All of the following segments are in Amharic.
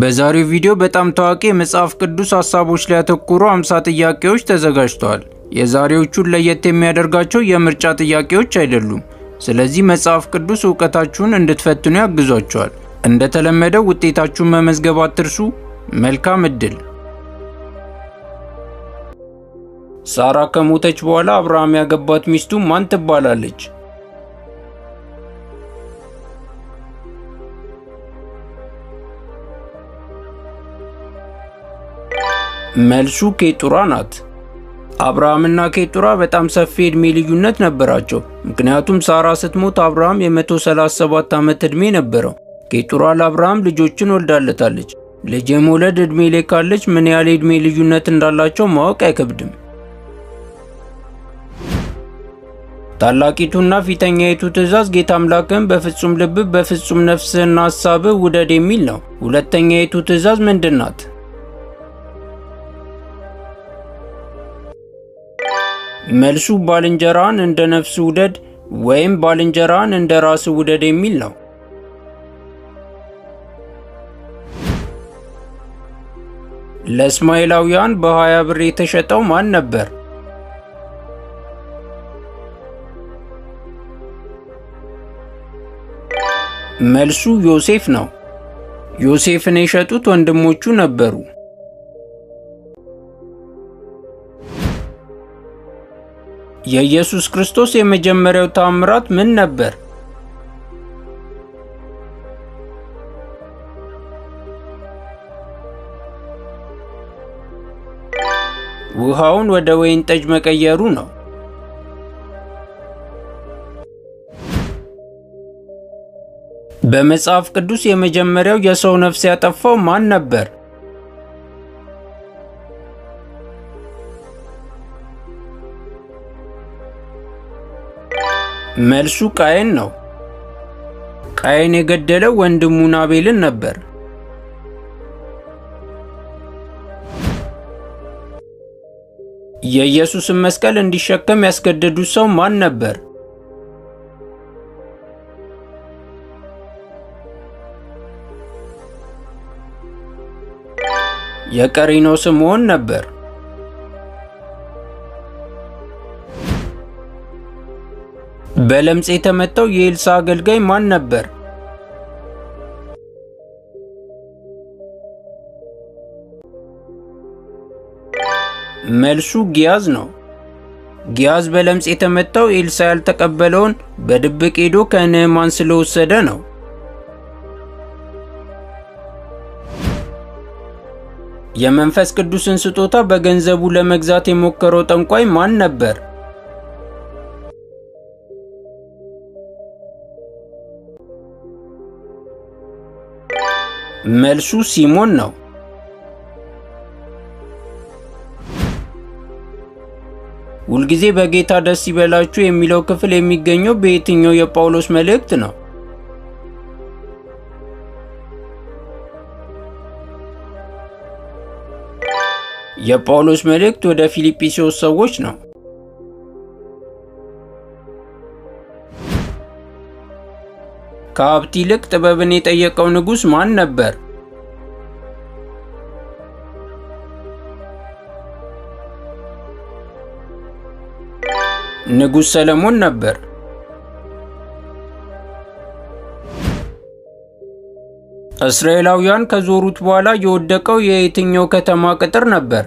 በዛሬው ቪዲዮ በጣም ታዋቂ የመጽሐፍ ቅዱስ ሀሳቦች ላይ ያተኮሩ 50 ጥያቄዎች ተዘጋጅተዋል። የዛሬዎቹን ለየት የሚያደርጋቸው የምርጫ ጥያቄዎች አይደሉም። ስለዚህ መጽሐፍ ቅዱስ እውቀታችሁን እንድትፈትኑ ያግዟቸዋል። እንደተለመደው ውጤታችሁን መመዝገብ አትርሱ። መልካም እድል። ሳራ ከሞተች በኋላ አብርሃም ያገባት ሚስቱ ማን ትባላለች? መልሱ ኬጡራ ናት። አብርሃምና ኬጡራ በጣም ሰፊ ዕድሜ ልዩነት ነበራቸው። ምክንያቱም ሳራ ስትሞት አብርሃም የ137 ዓመት ዕድሜ ነበረው። ኬጡራ ለአብርሃም ልጆችን ወልዳለታለች። ልጅ የመውለድ ዕድሜ ላይ ካለች ምን ያህል ዕድሜ ልዩነት እንዳላቸው ማወቅ አይከብድም። ታላቂቱና ፊተኛይቱ ትእዛዝ ጌታ አምላክን በፍጹም ልብ በፍጹም ነፍስህና ሐሳብህ ውደድ የሚል ነው። ሁለተኛይቱ ትእዛዝ ምንድን ናት? መልሱ ባልንጀራን እንደ ነፍስ ውደድ ወይም ባልንጀራን እንደ ራስ ውደድ የሚል ነው። ለእስማኤላውያን በሀያ ብር የተሸጠው ማን ነበር? መልሱ ዮሴፍ ነው። ዮሴፍን የሸጡት ወንድሞቹ ነበሩ። የኢየሱስ ክርስቶስ የመጀመሪያው ታምራት ምን ነበር? ውሃውን ወደ ወይን ጠጅ መቀየሩ ነው። በመጽሐፍ ቅዱስ የመጀመሪያው የሰው ነፍስ ያጠፋው ማን ነበር? መልሱ ቃየን ነው። ቃየን የገደለው ወንድሙን አቤልን ነበር። የኢየሱስን መስቀል እንዲሸከም ያስገደዱት ሰው ማን ነበር? የቀሪኖ ስምዖን ነበር። በለምጽ የተመታው የኤልሳ አገልጋይ ማን ነበር? መልሱ ጊያዝ ነው። ጊያዝ በለምጽ የተመታው ኤልሳ ያልተቀበለውን በድብቅ ሄዶ ከንዕማን ስለወሰደ ነው። የመንፈስ ቅዱስን ስጦታ በገንዘቡ ለመግዛት የሞከረው ጠንቋይ ማን ነበር? መልሱ ሲሞን ነው። ሁልጊዜ በጌታ ደስ ይበላችሁ የሚለው ክፍል የሚገኘው በየትኛው የጳውሎስ መልእክት ነው? የጳውሎስ መልእክት ወደ ፊልጵስዩስ ሰዎች ነው። ከሀብት ይልቅ ጥበብን የጠየቀው ንጉሥ ማን ነበር? ንጉሥ ሰለሞን ነበር። እስራኤላውያን ከዞሩት በኋላ የወደቀው የየትኛው ከተማ ቅጥር ነበር?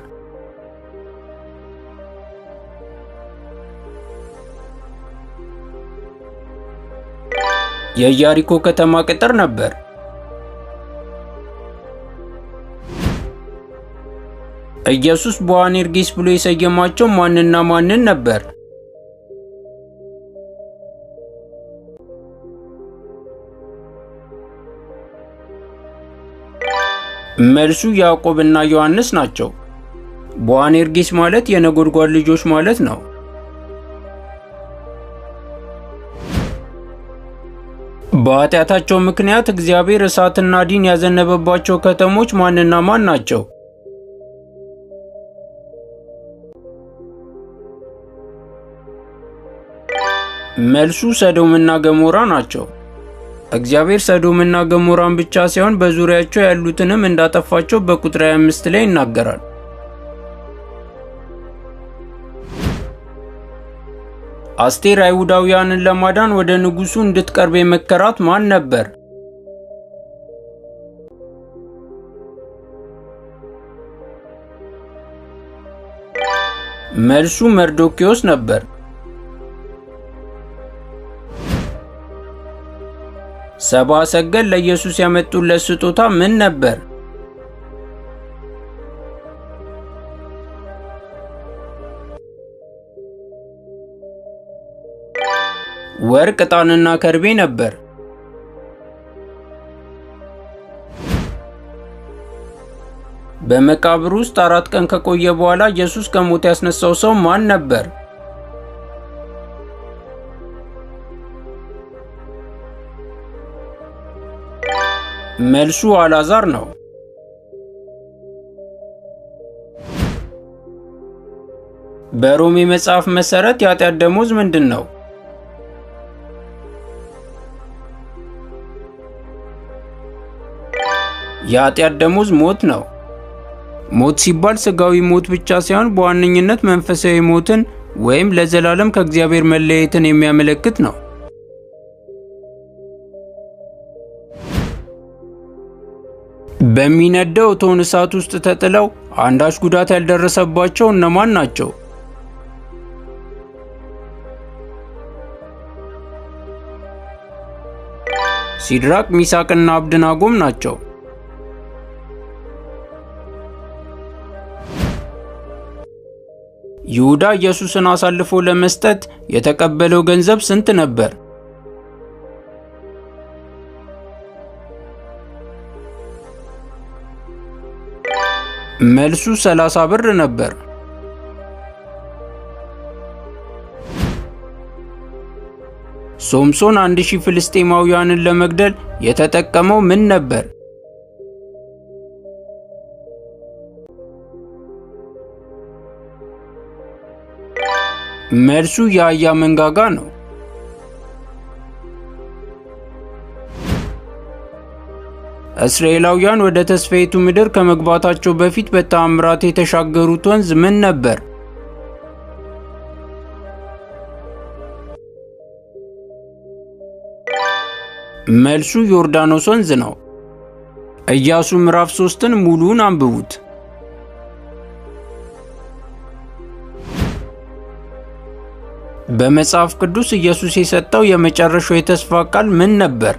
የኢያሪኮ ከተማ ቅጥር ነበር። ኢየሱስ ቦአኔርጌስ ብሎ የሰየማቸው ማንና ማንን ነበር? መልሱ ያዕቆብና ዮሐንስ ናቸው። ቦአኔርጌስ ማለት የነጎድጓድ ልጆች ማለት ነው። በኃጢአታቸው ምክንያት እግዚአብሔር እሳትና ዲን ያዘነበባቸው ከተሞች ማንና ማን ናቸው? መልሱ ሰዶምና ገሞራ ናቸው። እግዚአብሔር ሰዶምና ገሞራን ብቻ ሳይሆን በዙሪያቸው ያሉትንም እንዳጠፋቸው በቁጥር 25 ላይ ይናገራል። አስቴር አይሁዳውያንን ለማዳን ወደ ንጉሡ እንድትቀርብ የመከራት ማን ነበር? መልሱ መርዶኪዮስ ነበር። ሰብአ ሰገል ለኢየሱስ ያመጡለት ስጦታ ምን ነበር? ወርቅ፣ ዕጣንና ከርቤ ነበር። በመቃብር ውስጥ አራት ቀን ከቆየ በኋላ ኢየሱስ ከሞት ያስነሳው ሰው ማን ነበር? መልሱ አልዓዛር ነው። በሮሜ መጽሐፍ መሠረት የኃጢአት ደሞዝ ምንድን ነው? የኃጢአት ደሞዝ ሞት ነው። ሞት ሲባል ስጋዊ ሞት ብቻ ሳይሆን በዋነኝነት መንፈሳዊ ሞትን ወይም ለዘላለም ከእግዚአብሔር መለየትን የሚያመለክት ነው። በሚነደው እቶን እሳት ውስጥ ተጥለው አንዳች ጉዳት ያልደረሰባቸው እነማን ናቸው? ሲድራቅ፣ ሚሳቅና አብድናጎም ናቸው። ይሁዳ ኢየሱስን አሳልፎ ለመስጠት የተቀበለው ገንዘብ ስንት ነበር? መልሱ 30 ብር ነበር። ሶምሶን አንድ ሺህ ፍልስጤማውያንን ለመግደል የተጠቀመው ምን ነበር? መልሱ የአህያ መንጋጋ ነው። እስራኤላውያን ወደ ተስፋይቱ ምድር ከመግባታቸው በፊት በተአምራት የተሻገሩት ወንዝ ምን ነበር? መልሱ ዮርዳኖስ ወንዝ ነው። ኢያሱ ምዕራፍ 3ን ሙሉውን አንብቡት። በመጽሐፍ ቅዱስ ኢየሱስ የሰጠው የመጨረሻው የተስፋ ቃል ምን ነበር?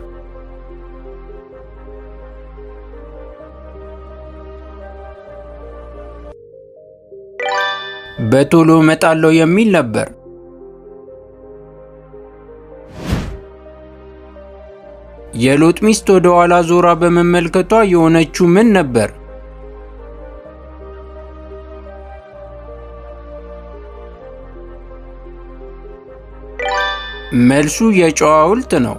በቶሎ እመጣለሁ የሚል ነበር። የሎጥ ሚስት ወደ ኋላ ዞራ በመመልከቷ የሆነችው ምን ነበር? መልሱ የጨዋ ሐውልት ነው።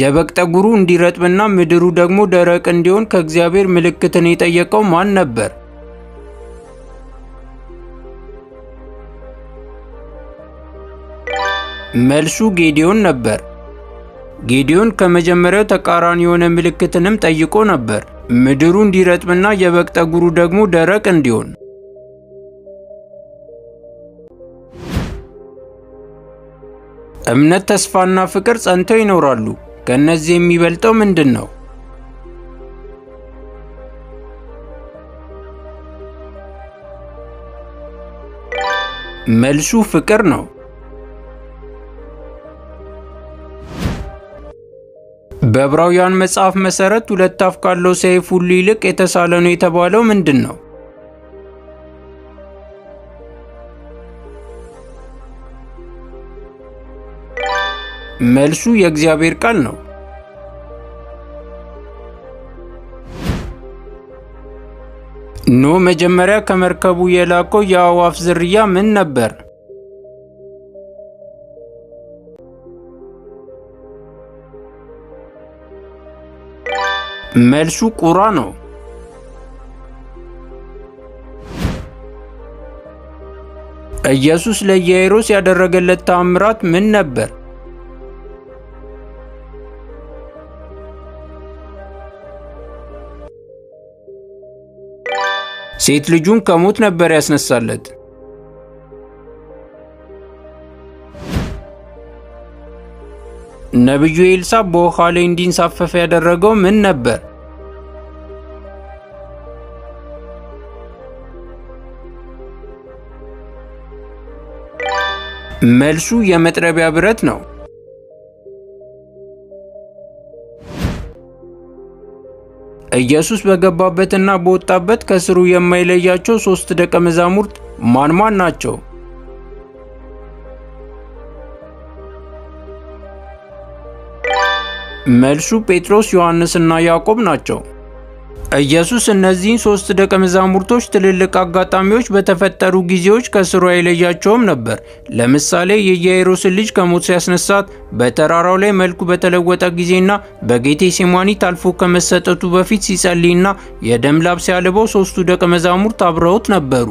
የበግ ጠጉሩ እንዲረጥብና ምድሩ ደግሞ ደረቅ እንዲሆን ከእግዚአብሔር ምልክትን የጠየቀው ማን ነበር? መልሱ ጌዲዮን ነበር። ጌዲዮን ከመጀመሪያው ተቃራኒ የሆነ ምልክትንም ጠይቆ ነበር፣ ምድሩ እንዲረጥብና የበግ ጠጉሩ ደግሞ ደረቅ እንዲሆን። እምነት፣ ተስፋና ፍቅር ጸንተው ይኖራሉ። ከእነዚህ የሚበልጠው ምንድን ነው? መልሱ ፍቅር ነው። በዕብራውያን መጽሐፍ መሠረት ሁለት አፍ ካለው ሰይፍ ሁሉ ይልቅ የተሳለ ነው የተባለው ምንድን ነው? መልሱ የእግዚአብሔር ቃል ነው። ኖ መጀመሪያ ከመርከቡ የላከው የአዕዋፍ ዝርያ ምን ነበር? መልሱ ቁራ ነው። ኢየሱስ ለኢያኢሮስ ያደረገለት ተአምራት ምን ነበር? ሴት ልጁን ከሞት ነበር ያስነሳለት። ነቢዩ ኤልሳ በውኃ ላይ እንዲንሳፈፍ ያደረገው ምን ነበር? መልሱ የመጥረቢያ ብረት ነው። ኢየሱስ በገባበትና በወጣበት ከስሩ የማይለያቸው ሦስት ደቀ መዛሙርት ማን ማን ናቸው? መልሱ ጴጥሮስ፣ ዮሐንስና ያዕቆብ ናቸው። ኢየሱስ እነዚህን ሶስት ደቀ መዛሙርቶች ትልልቅ አጋጣሚዎች በተፈጠሩ ጊዜዎች ከስሩ አይለያቸውም ነበር። ለምሳሌ የኢያኢሮስን ልጅ ከሞት ሲያስነሳት፣ በተራራው ላይ መልኩ በተለወጠ ጊዜና በጌቴ ሴማኒ ታልፎ ከመሰጠቱ በፊት ሲጸልይና የደም ላብ ሲያልበው ሶስቱ ደቀ መዛሙርት አብረውት ነበሩ።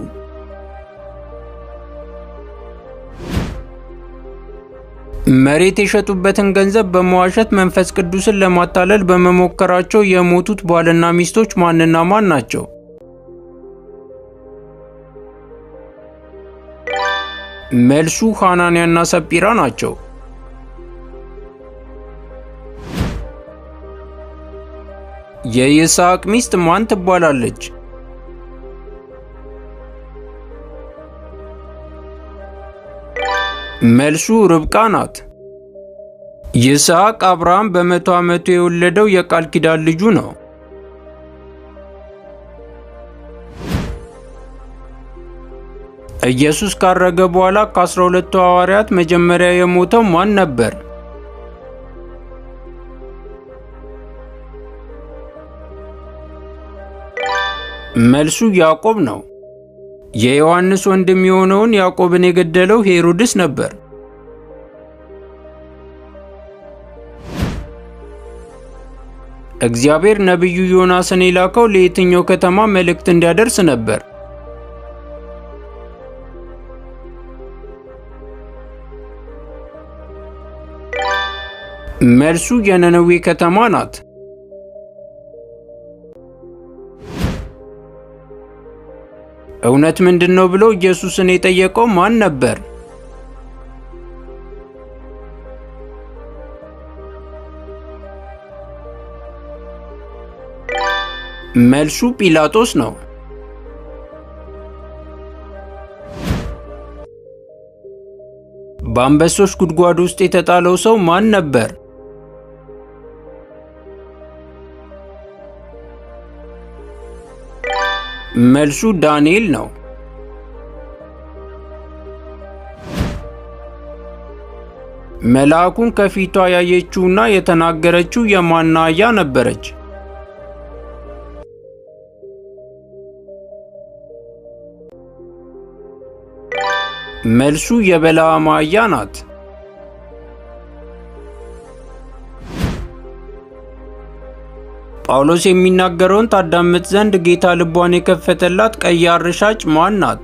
መሬት የሸጡበትን ገንዘብ በመዋሸት መንፈስ ቅዱስን ለማታለል በመሞከራቸው የሞቱት ባልና ሚስቶች ማንና ማን ናቸው? መልሱ ሐናንያና ሰጲራ ናቸው። የይስሐቅ ሚስት ማን ትባላለች? መልሱ ርብቃ ናት። ይስሐቅ አብርሃም በመቶ ዓመቱ የወለደው የቃል ኪዳን ልጁ ነው። ኢየሱስ ካረገ በኋላ ከ ሁለቱ ቱ ሐዋርያት መጀመሪያ የሞተው ማን ነበር? መልሱ ያዕቆብ ነው። የዮሐንስ ወንድም የሆነውን ያዕቆብን የገደለው ሄሮድስ ነበር። እግዚአብሔር ነቢዩ ዮናስን የላከው ለየትኛው ከተማ መልእክት እንዲያደርስ ነበር? መልሱ የነነዌ ከተማ ናት። እውነት ምንድን ነው ብሎ ኢየሱስን የጠየቀው ማን ነበር? መልሱ ጲላጦስ ነው። በአንበሶች ጉድጓድ ውስጥ የተጣለው ሰው ማን ነበር? መልሱ ዳንኤል ነው። መልአኩን ከፊቷ ያየችውና የተናገረችው የማናያ ነበረች። መልሱ የበለዓማያ ናት። ጳውሎስ የሚናገረውን ታዳምጥ ዘንድ ጌታ ልቧን የከፈተላት ቀያር ሻጭ ማን ናት?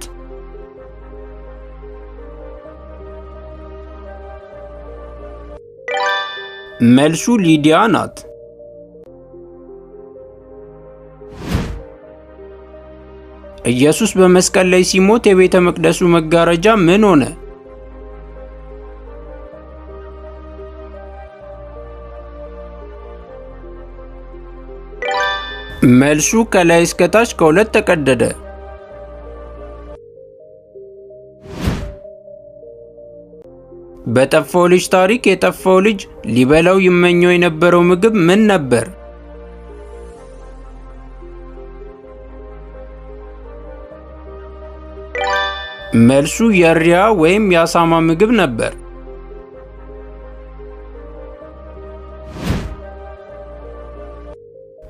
መልሱ ሊዲያ ናት። ኢየሱስ በመስቀል ላይ ሲሞት የቤተ መቅደሱ መጋረጃ ምን ሆነ? መልሱ ከላይ እስከታች ከሁለት ተቀደደ። በጠፋው ልጅ ታሪክ የጠፋው ልጅ ሊበላው ይመኘው የነበረው ምግብ ምን ነበር? መልሱ የእሪያ ወይም የአሳማ ምግብ ነበር።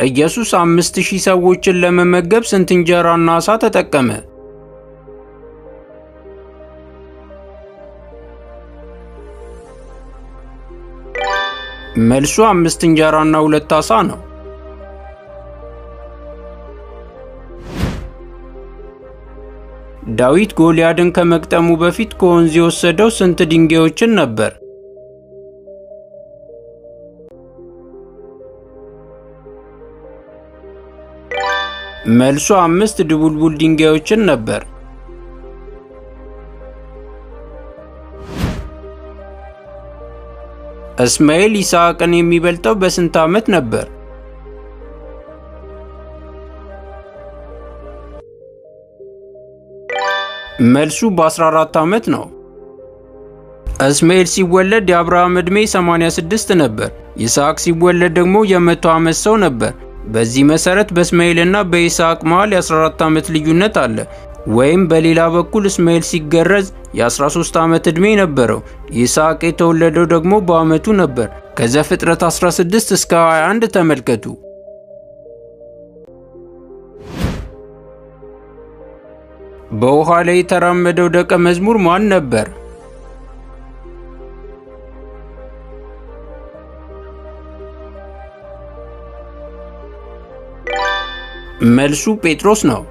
ኢየሱስ አምስት ሺህ ሰዎችን ለመመገብ ስንት እንጀራና ዓሣ ተጠቀመ? መልሱ አምስት እንጀራና ሁለት ዓሣ ነው። ዳዊት ጎልያድን ከመቅጠሙ በፊት ከወንዝ የወሰደው ስንት ድንጋዮችን ነበር? መልሱ አምስት ድቡልቡል ድንጋዮችን ነበር። እስማኤል ይስሐቅን የሚበልጠው በስንት ዓመት ነበር? መልሱ በ14 ዓመት ነው። እስማኤል ሲወለድ የአብርሃም ዕድሜ 86 ነበር። ይስሐቅ ሲወለድ ደግሞ የመቶ ዓመት ሰው ነበር። በዚህ መሰረት በእስማኤልና በይስሐቅ መሃል የ14 ዓመት ልዩነት አለ። ወይም በሌላ በኩል እስማኤል ሲገረዝ የ13 ዓመት ዕድሜ ነበረው። ይስሐቅ የተወለደው ደግሞ በዓመቱ ነበር። ከዘፍጥረት 16 እስከ 21 ተመልከቱ። በውሃ ላይ የተራመደው ደቀ መዝሙር ማን ነበር? መልሱ ጴጥሮስ ነው።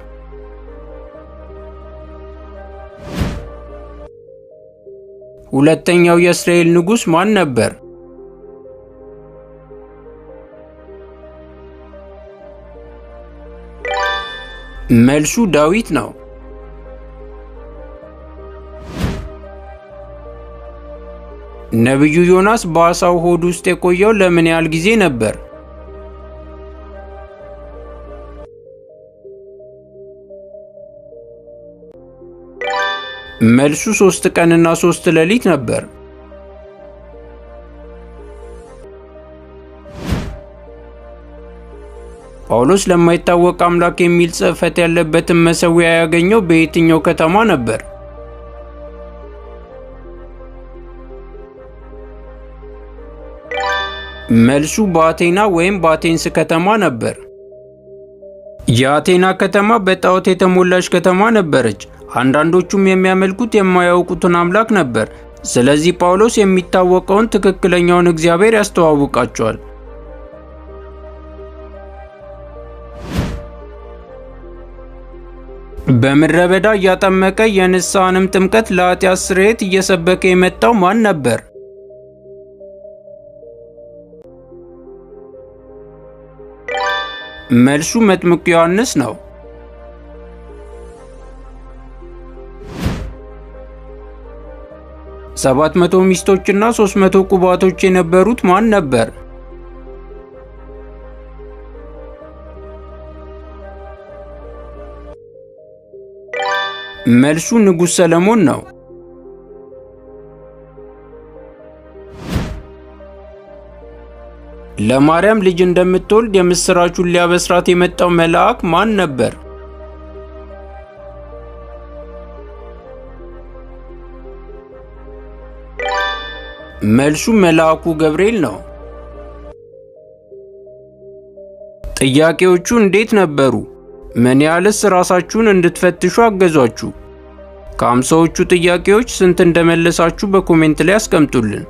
ሁለተኛው የእስራኤል ንጉሥ ማን ነበር? መልሱ ዳዊት ነው። ነቢዩ ዮናስ በዓሣው ሆድ ውስጥ የቆየው ለምን ያህል ጊዜ ነበር? መልሱ ሶስት ቀንና ሶስት ሌሊት ነበር። ጳውሎስ ለማይታወቅ አምላክ የሚል ጽሕፈት ያለበትን መሠዊያ ያገኘው በየትኛው ከተማ ነበር? መልሱ በአቴና ወይም በአቴንስ ከተማ ነበር። የአቴና ከተማ በጣዖት የተሞላች ከተማ ነበረች። አንዳንዶቹም የሚያመልኩት የማያውቁትን አምላክ ነበር። ስለዚህ ጳውሎስ የሚታወቀውን ትክክለኛውን እግዚአብሔር ያስተዋውቃቸዋል። በምድረ በዳ እያጠመቀ የንስሐንም ጥምቀት ለኃጢአት ስርየት እየሰበከ የመጣው ማን ነበር? መልሱ መጥምቁ ዮሐንስ ነው። 700 ሚስቶችና 300 ቁባቶች የነበሩት ማን ነበር? መልሱ ንጉሥ ሰለሞን ነው። ለማርያም ልጅ እንደምትወልድ የምሥራቹን ሊያበስራት የመጣው መልአክ ማን ነበር? መልሱ መልአኩ ገብርኤል ነው። ጥያቄዎቹ እንዴት ነበሩ? ምን ያህልስ ራሳችሁን እንድትፈትሹ አገዟችሁ? ከአምሳዎቹ ጥያቄዎች ስንት እንደመለሳችሁ በኮሜንት ላይ አስቀምጡልን።